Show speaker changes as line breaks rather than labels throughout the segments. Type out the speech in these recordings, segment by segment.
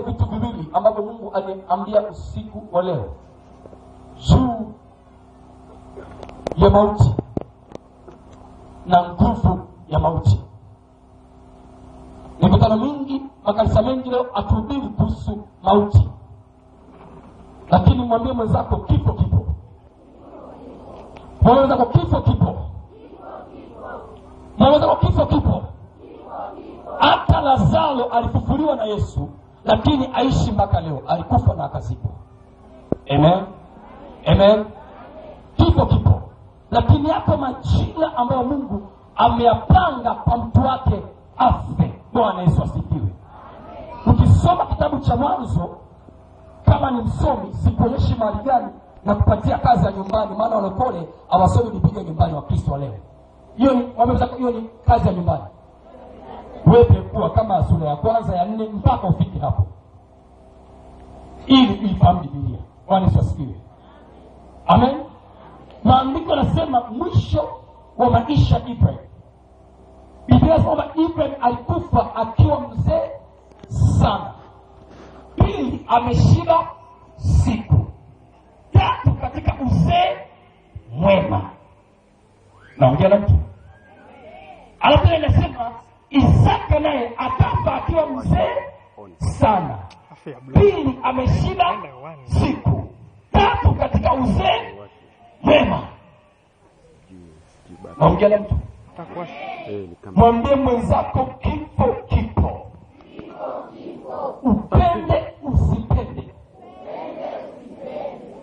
nigusie vitu viwili ambavyo Mungu aliniambia usiku wa leo juu ya mauti na nguvu ya mauti. Mikutano mingi, makanisa mengi leo atuhubiri kuhusu mauti, lakini mwambie mwenzako kifo kipo, mwambie mwenzako kifo kipo. ameyapanga kwa mtu wake afe. Bwana Yesu asifiwe. Ukisoma kitabu cha Mwanzo, kama ni msomi, sikuonyeshi mahali gani na kupatia kazi ya nyumbani, maana walokole hawasomi Biblia nyumbani. Wakristo leo hiyo ni hiyo ni kazi ya nyumbani. Wewe kuwa kama sura ya kwanza ya nne mpaka ufike hapo ili uifahamu Biblia. Bwana Yesu asifiwe. Amen. Maandiko anasema mwisho wa maisha Ibrahim Biblia kwamba Ibrahim alikufa akiwa mzee sana. Pili, ameshiba siku. Tatu, katika uzee mwema. Naongea na mtu alafu inasema Isaka naye akafa akiwa mzee sana. Pili, ameshiba siku. Tatu, katika uzee mwema. Naongea na mtu Eh, Mwambie mwenzako kipo kipo, upende usipende,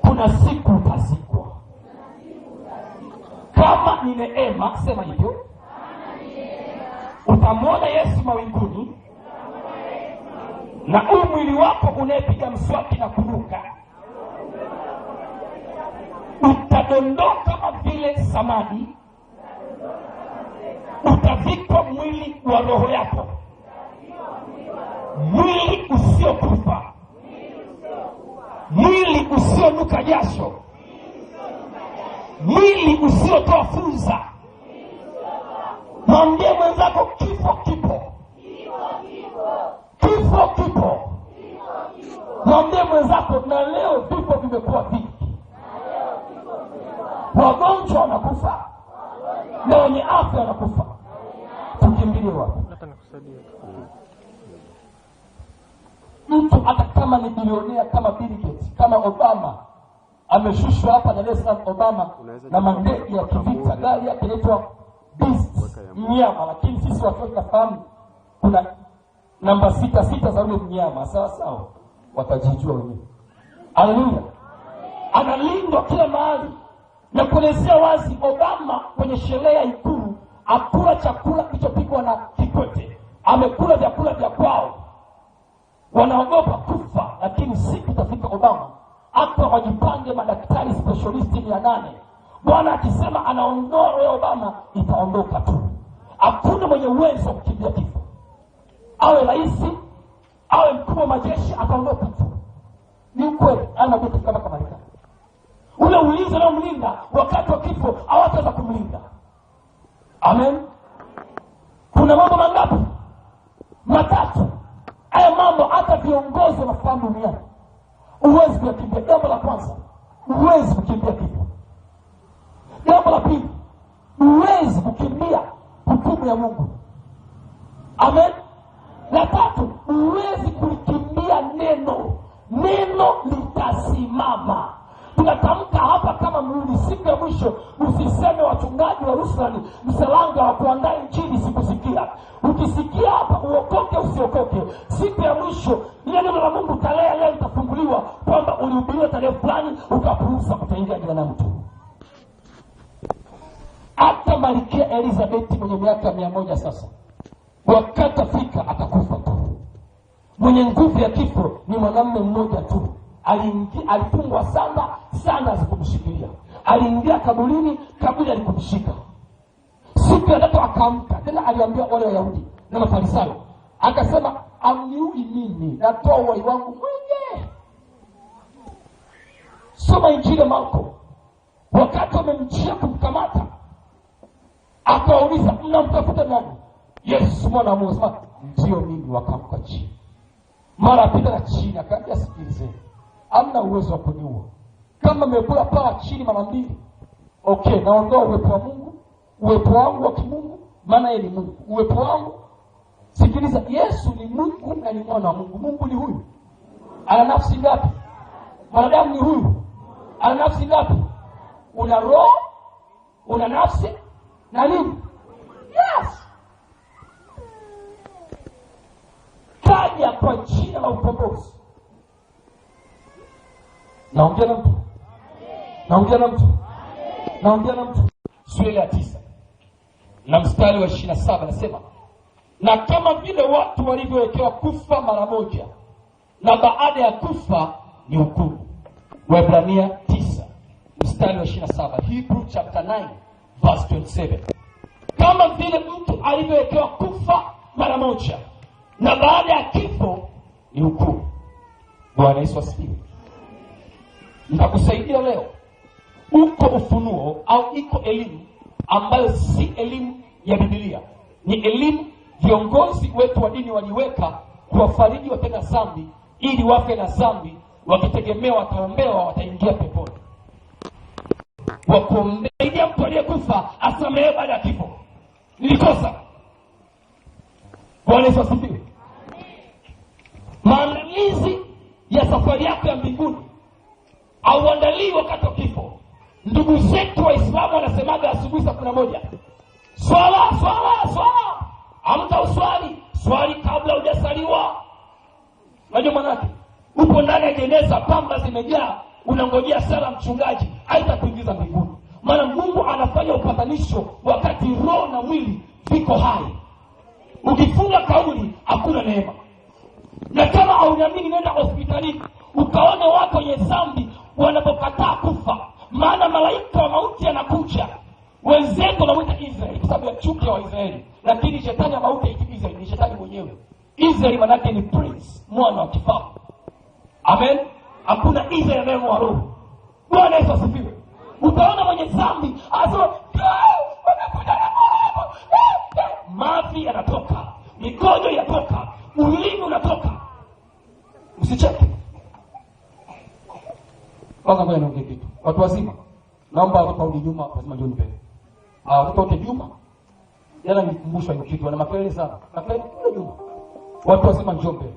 kuna siku utazikwa. Kama ni neema, sema hivyo, utamwona Yesu mawinguni na huu mwili wako unayepiga mswaki na kuruka utadondoka kama vile samadi utavikwa mwili wa roho yako, mwili usiokufa, mwili usionuka jasho, mwili usiotoa funza. Mwambie mwenzako, kifo kipo, kifo kipo. Mwambie mwenzako, na leo vifo vimekuwa vingi, wagonjwa wanakufa na wenye afya wanakufa. Tukimbilie wapi? Mtu hata kama ni bilionea kama Bill Gates, kama Obama ameshushwa hapa na es Obama na mandege ya kivita, gari yake inaitwa beast, mnyama. Lakini sisi watu tunafahamu kuna namba sita sita za ule mnyama, sawa sawa, watajijua wenyewe. Haleluya, analindwa kila mahali na kuelezea wazi Obama kwenye sherehe ya Ikulu akula chakula kilichopikwa na Kikwete, amekula vyakula vya kwao. Wanaogopa kufa, lakini siku itafika Obama hapa wajipange, madaktari specialist mia nane. Bwana akisema anaondoa roho ya Obama itaondoka tu. Hakuna mwenye uwezo wa kukimbia kifo, awe rais awe mkuu wa majeshi, ataondoka tu. Ni ukweli, ana vitu kama kamarika ule ulinzi unaomlinda wakati wa kifo hawataweza kumlinda. Amen. Kuna mambo mangapi? Matatu. Haya mambo hata viongozi wanafahamu duniani, uwezi kuyakimbia. Jambo la kwanza, uwezi kukimbia kifo. Jambo la pili, uwezi kukimbia hukumu ya Mungu. Amen. La tatu, huwezi kulikimbia neno. Neno litasimama. Tunatamka kama ya mwisho, usiseme wachungaji wa Ruslan Msalanga wa kuandaa injili sikusikia. Ukisikia hapa uokoke usiokoke, siku ya mwisho ile neno la Mungu tarehe leo itafunguliwa, kwamba ulihubiriwa tarehe fulani ukapuuza kutaingia jina la mtu. Hata Malkia Elizabeth mwenye miaka mia moja sasa wakatafika atakufa tu, mwenye nguvu alifungwa sana sana, asikumshikilia aliingia kaburini, kaburi alikumshika. Siku ya tatu akaamka tena, aliambia wale Wayahudi na Mafarisayo akasema, amniuli mimi, natoa uwai wangu mwenye Soma injile Marko. Wakati wamemjia kumkamata, akawauliza mnamtafuta nani? Yesu mwana wa Mungu. ndiyo mimi. Wakamka chini, mara pita na chini akaambia, sikilizeni hamna uwezo wa kuniua. Kama mmekula paa chini mara mbili, okay, naondoa uwepo wa Mungu, uwepo wangu wa kimungu, maana yeye ni Mungu, uwepo wangu. Sikiliza, Yesu ni Mungu na ni mwana wa Mungu. Mungu ni huyu, ana nafsi ngapi? Mwanadamu ni huyu, ana nafsi ngapi? Una roho, una nafsi na nini? Yes, kaja kwa jina la ukombozi Naongea na mtu, naongea na mtu, naongea na mtu. Sura ya tisa na mstari wa ishirini na saba nasema, na kama vile watu walivyowekewa kufa mara moja na baada ya kufa ni hukumu. Waebrania tisa mstari wa 27, Hebrew chapter 9 verse 27. Kama vile mtu alivyowekewa kufa mara moja na baada ya kifo ni hukumu. Bwana Yesu asifiwe nitakusaidia leo. Uko ufunuo au iko elimu ambayo si elimu ya Biblia, ni elimu viongozi wetu wa dini waliweka kuwafariji watenda dhambi ili wafe na dhambi, wakitegemea wataombewa, wataingia peponi. Wakuombea mtu aliyekufa asamehe ee baada ya kifo, nilikosa. Bwana Yesu asifiwe. Maandalizi ya safari yako ya mbinguni auandalii wakati wa kifo. Ndugu zetu Waislamu wanasemaga asubuhi saa kumi na moja swala swala swala, amta uswali swali kabla hujasaliwa. Unajua manake uko ndani ya jeneza, pamba zimejaa, unangojea sala mchungaji haitakuingiza mbinguni, maana Mungu anafanya upatanisho wakati roho na mwili viko hai. Ukifunga kauli hakuna neema, na kama haunyamini, nenda hospitalini ukaone wako wenye dhambi wanapokataa kufa, maana malaika wa mauti anakuja. Wenzetu wanamwita Israeli kwa sababu ya chuki ya Waisraeli, lakini shetani ya mauti aiti Israeli, ni shetani mwenyewe. Israeli manake ni prince, mwana wa kifalme. Amen, hakuna Israeli anayemwa roho. Bwana Yesu asifiwe. Utaona mwenye dhambi anasema mavi yanatoka, mikojo inatoka, ulimi unatoka. Msicheke. Kwanza ngoja niongee kitu. Watu wazima, naomba watu warudi nyuma, lazima jioni mbele. Ah, watu wote nyuma. Jana nikumbusha hiyo kitu, wana makelele sana. Makelele kule nyuma. Watu wazima njoo mbele.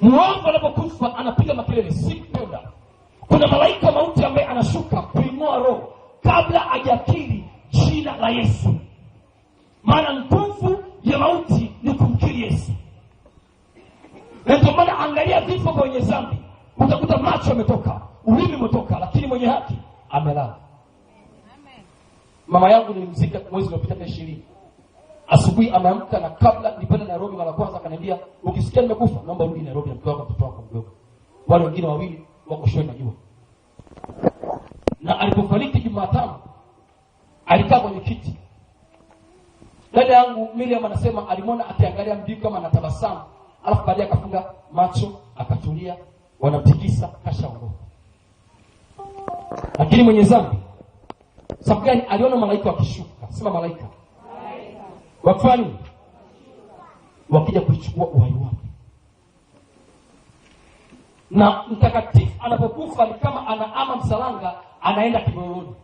Mwanzo anapokufa anapiga makelele, simpenda. Kuna malaika mauti ambaye anashuka kuing'oa roho kabla hajakiri jina la Yesu. Maana nguvu ya mauti ni kumkiri Yesu. Na maana angalia vifo vya wenye dhambi, utakuta macho yametoka, ulimi umetoka, lakini mwenye haki amelala. Mama yangu nilimzika mwezi uliopita tarehe ishirini. Asubuhi ameamka na kabla nipende Nairobi mara kwanza akaniambia, ukisikia nimekufa naomba urudi Nairobi na mtoto wako mtoto wako mdogo. Wale wengine wawili wako shule najua. Na alipofariki Jumatano alikaa kwenye kiti. Dada yangu Miriam anasema alimwona akiangalia mjinga kama anatabasamu alafu baadaye akafunga macho akatulia, wanamtikisa kashaondoka. Lakini mwenye zambi sababu gani? Aliona malaika wakishuka, sema malaika wakifanya nini? Wakija kuichukua uhai wake. Na mtakatifu anapokufa ni kama anaama msalanga, anaenda kibooni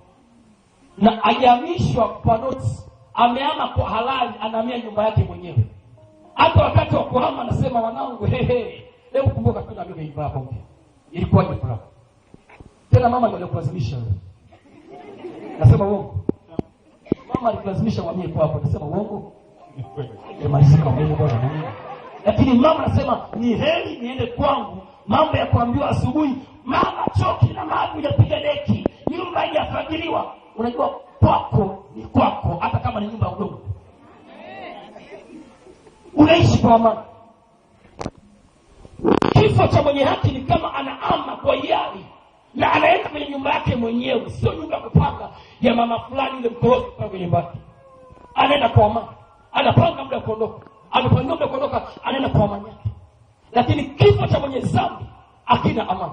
na ajamishwa kwa noti, ameama kwa halali, anaamia nyumba yake mwenyewe hata wakati wa kuhama anasema wanangu, hehe, hebu kumbuka tu na mimi imba hapo. Ilikuwa ni furaha. Tena mama ndio aliyokulazimisha wewe. Nasema uongo. Mama alikulazimisha mwambie kwa hapo, nasema uongo. Ni kweli. Nimesika mbele kwa Mungu. Lakini mama anasema ni heri niende kwangu, mambo ya kuambiwa asubuhi, mama choki na maji unapiga deki, nyumba haijafagiliwa. Unajua kwako ni kwako hata kama ni nyumba ya udongo unaishi kwa amani. Kifo cha mwenye haki ni kama anaama kwa hiari na anaenda kwenye nyumba yake mwenyewe, sio nyumba ya kupanga ya mama fulani yule mkorofi pale nyumba yake. Anaenda kwa amani, anapanga muda kuondoka, amepangia muda kuondoka, anaenda kwa amani yake. Lakini kifo cha mwenye dhambi hakina amani,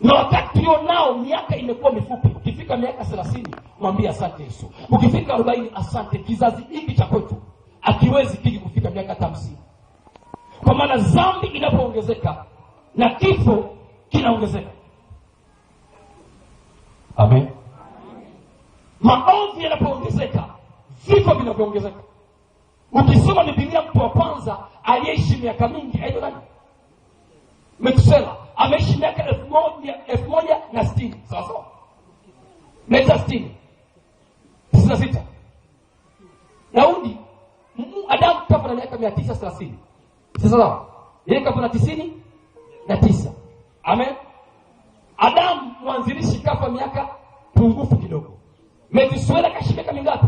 na wakati tulio nao miaka imekuwa mifupi. Ukifika miaka thelathini mwambie asante Yesu, ukifika arobaini asante, kizazi hiki cha kwetu akiwezi kiki kufika miaka hata hamsini, kwa maana zambi inapoongezeka na kifo kinaongezeka. Amen. Maovu yanapoongezeka vifo vinavyoongezeka. Ukisoma Biblia, mtu wa kwanza aliyeishi miaka mingi aitwa nani? Metusela ameishi miaka elfu moja na sitini, sawa sawa, meta stini tisini sita. Daudi Adamu kafa na miaka mia tisa thelathini sawa, yeye kafa na tisini na tisa. Amen. Adamu mwanzilishi kafa miaka pungufu kidogo. Methusela kaishi miaka mingapi?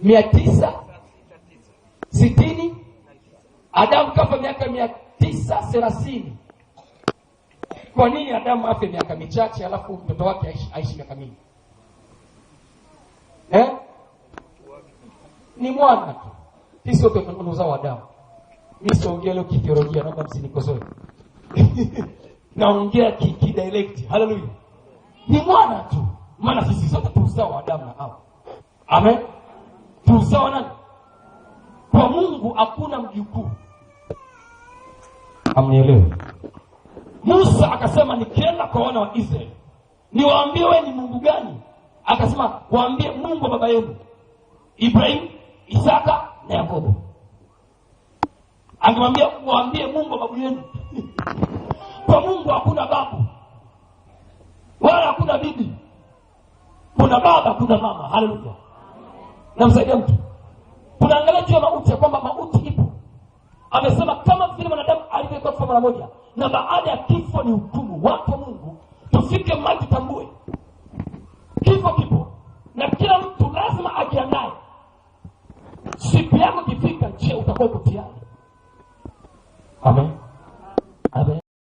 mia tisa sitini. Adamu kafa miaka mia tisa thelathini. Kwa nini Adamu afe miaka michache alafu mtoto wake aishi miaka mingi? ni mwana tu, sisi wote ni uzao wa damu. Mimi siongea leo kithiolojia, naomba msinikosoe naongea kidirekti. Haleluya, ni mwana tu, maana sisi sote tu uzao wa damu na Hawa. Amen, tu uzao nani? Kwa Mungu hakuna mjukuu. Amnielewe. Musa akasema nikienda kwa wana wa Israeli niwaambie wewe ni Mungu gani? Akasema waambie Mungu wa baba yenu Ibrahimu, Isaka na Yakobo. Angemwambia waambie Mungu babu yenu. Kwa Mungu hakuna babu wala hakuna bibi, kuna baba, kuna mama. Haleluya, namsaidia mtu. Tunaangalia juu ya mauti, kwamba mauti ipo. Amesema kama vile mwanadamu alivyokuwa kufa mara moja, na baada ya kifo ni hukumu. Watu Mungu tufike maji, tambue kifo kipo, na kila mtu lazima ajiandae Siku yako ikifika, je, utakuwa mtiani? Amen.